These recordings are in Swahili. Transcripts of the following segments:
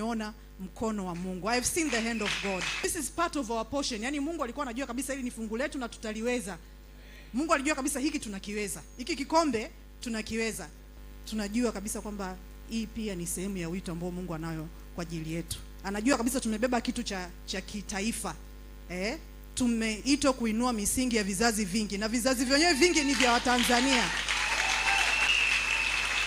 tumeona mkono wa Mungu. I have seen the hand of God. This is part of our portion. Yaani Mungu alikuwa anajua kabisa hili ni fungu letu na tutaliweza. Mungu alijua kabisa hiki tunakiweza. Hiki kikombe tunakiweza. Tunajua kabisa kwamba hii pia ni sehemu ya wito ambao Mungu anayo kwa ajili yetu. Anajua kabisa tumebeba kitu cha cha kitaifa. Eh? Tumeitwa kuinua misingi ya vizazi vingi na vizazi vyenyewe vingi ni vya Watanzania.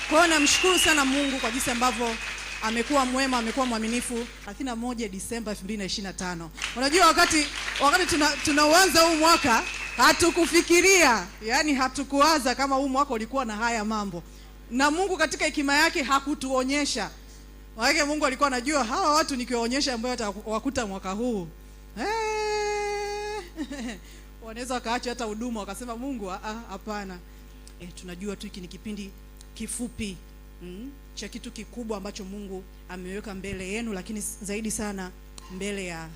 Kwa hiyo namshukuru sana Mungu kwa jinsi ambavyo amekuwa mwema, amekuwa mwaminifu. 31 Disemba 2025. Unajua wakati wakati tunaanza tuna huu mwaka hatukufikiria, yani hatukuwaza kama huu mwaka ulikuwa na haya mambo, na Mungu katika hekima yake hakutuonyesha wake. Mungu alikuwa anajua hawa watu nikiwaonyesha ambao watawakuta mwaka huu eh. wanaweza wakaacha hata huduma wakasema, Mungu hapana. Eh, tunajua tu hiki ni kipindi kifupi mm, cha kitu kikubwa ambacho Mungu ameweka mbele yenu, lakini zaidi sana mbele ya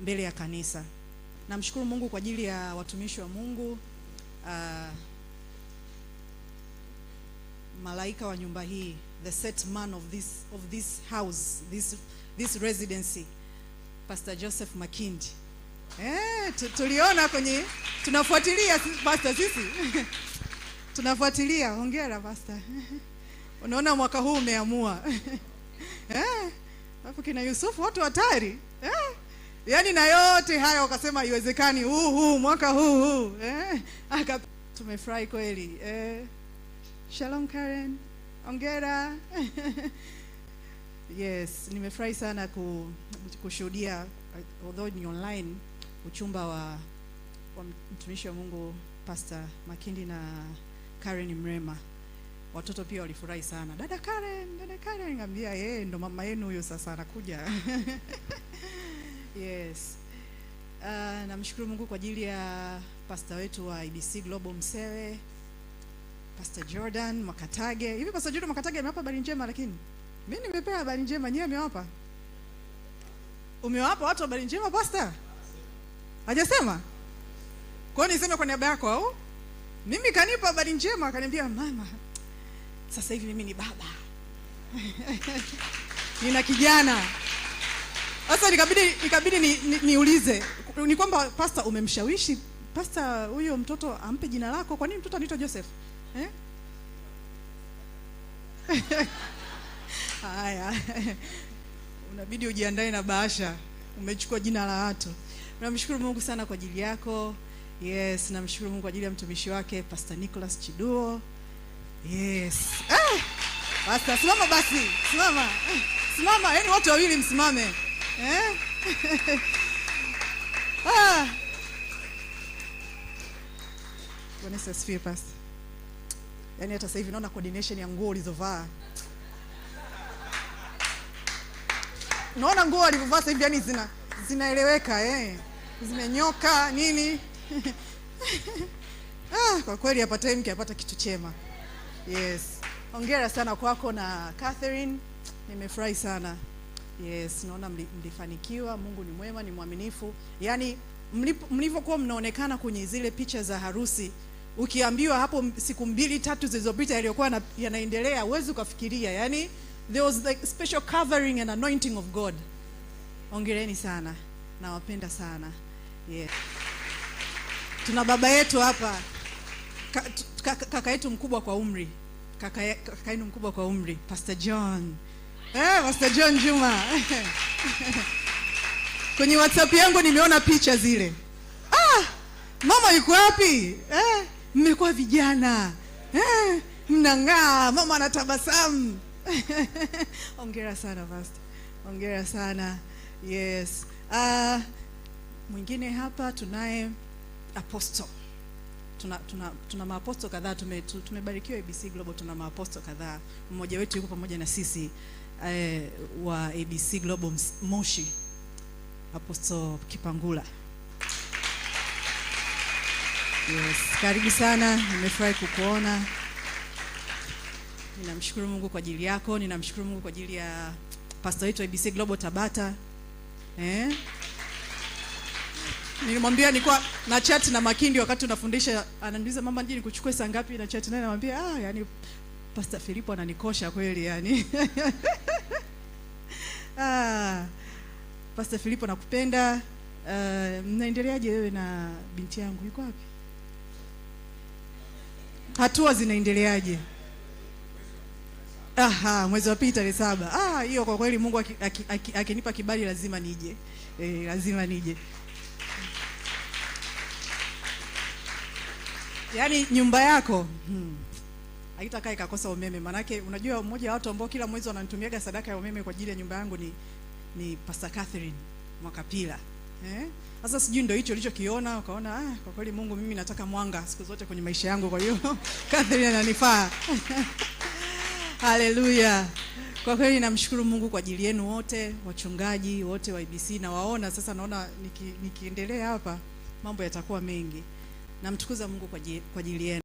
mbele ya kanisa. Namshukuru Mungu kwa ajili ya watumishi wa Mungu uh, malaika wa nyumba hii, the set man of this of this house this this residency Pastor Joseph Makindi. Eh, tuliona kwenye tunafuatilia pastor sisi tunafuatilia. Hongera pastor. Unaona mwaka huu umeamua eh, hapo kina Yusufu watu hatari eh, yaani na yote haya wakasema iwezekani huu huu mwaka huu huu eh, aka tumefurahi kweli eh. Shalom Karen, ongera Yes, nimefurahi sana kushuhudia although ni online uchumba wa wa mtumishi wa Mungu Pastor Makindi na Karen Mrema watoto pia walifurahi sana, dada Karen, dada Karen. Ngambia yeye ndo mama yenu huyo, sasa anakuja yes. Uh, namshukuru Mungu kwa ajili ya pasta wetu wa IBC Global Msewe, Pastor Jordan Makatage. Hivi Pastor Jordan Makatage amewapa habari njema, lakini mimi nimepewa habari njema, nyewe amewapa umewapa watu habari njema pasta? Hajasema? Kwa hiyo niseme kwa niaba yako au? Mimi kanipa habari njema, akaniambia mama sasa hivi mimi ni baba nina kijana sasa, nikabidi nikabidi niulize ni, ni, ni, ni kwamba pasta, umemshawishi pasta huyo mtoto ampe jina lako? Kwa nini mtoto anaitwa Joseph eh? Haya, unabidi ujiandae na bahasha, umechukua jina la watu. Namshukuru Mungu sana kwa ajili yako. Yes, namshukuru Mungu kwa ajili ya mtumishi wake Pastor Nicholas Chiduo. Yes. Eh, basta, simama basi. Simama. Eh, simama, yani wote wawili msimame. Eh? Ah. Bwana asifiwe basi. Yaani hata sasa hivi naona coordination ya nguo ulizovaa. Naona nguo alivyovaa sasa hivi yani zina zinaeleweka eh. Zimenyoka nini? Ah, kwa kweli hapa time apata kitu chema. Yes, hongera sana kwako na Catherine, nimefurahi sana. Yes, naona mlifanikiwa. Mungu ni mwema, ni mwaminifu. Yaani mlivyokuwa mnaonekana kwenye zile picha za harusi, ukiambiwa hapo siku mbili tatu zilizopita yaliyokuwa yanaendelea, huwezi ukafikiria. Yaani there was like special covering and anointing of God. Hongereni sana, nawapenda sana. Yes. Tuna baba yetu hapa kaka, yetu mkubwa kwa umri kaka, yenu mkubwa kwa umri Pastor John eh, Pastor John Juma kwenye WhatsApp yangu nimeona picha zile. Ah, mama yuko wapi? Eh, mmekuwa vijana eh, mnang'aa, mama anatabasamu ongera sana Pastor, ongera sana yes. Uh, mwingine hapa tunaye Apostle tuna, tuna, tuna maaposto kadhaa tume, tumebarikiwa ABC Global, tuna maaposto kadhaa, mmoja wetu yuko pamoja na sisi eh, wa ABC Global Moshi, Aposto Kipangula. Yes, karibu sana, nimefurahi kukuona. Ninamshukuru Mungu kwa ajili yako, ninamshukuru Mungu kwa ajili ya pastor wetu ABC Global Tabata eh nilimwambia nilikuwa na chat na Makindi wakati unafundisha, ananiuliza mama, je, nikuchukue saa ngapi na chat naye, namwambia ah, yani Pastor Filipo ananikosha kweli yani. ah, Pastor Filipo nakupenda. Uh, mnaendeleaje wewe na binti yangu yuko wapi? Hatua zinaendeleaje? Aha, mwezi wa pili tarehe saba. Ah, hiyo kwa kweli Mungu akinipa aki, aki, aki kibali lazima nije. Eh, lazima nije. yaani nyumba yako hmm, ikakosa umeme. Maanake unajua mmoja wa watu ambao kila mwezi wananitumiaga sadaka ya umeme kwa ajili ya nyumba yangu ni ni Pastor Catherine Mwakapila eh? Sasa sijui ndio hicho ulichokiona ukaona, ah, kwa kweli Mungu, mimi nataka mwanga siku zote kwenye maisha yangu, kwa hiyo Catherine ananifaa Haleluya. Kwa kweli namshukuru Mungu kwa ajili yenu wote, wachungaji wote wa IBC na waona sasa, naona niki, nikiendelea hapa mambo yatakuwa mengi. Namtukuza Mungu kwa ajili yenu.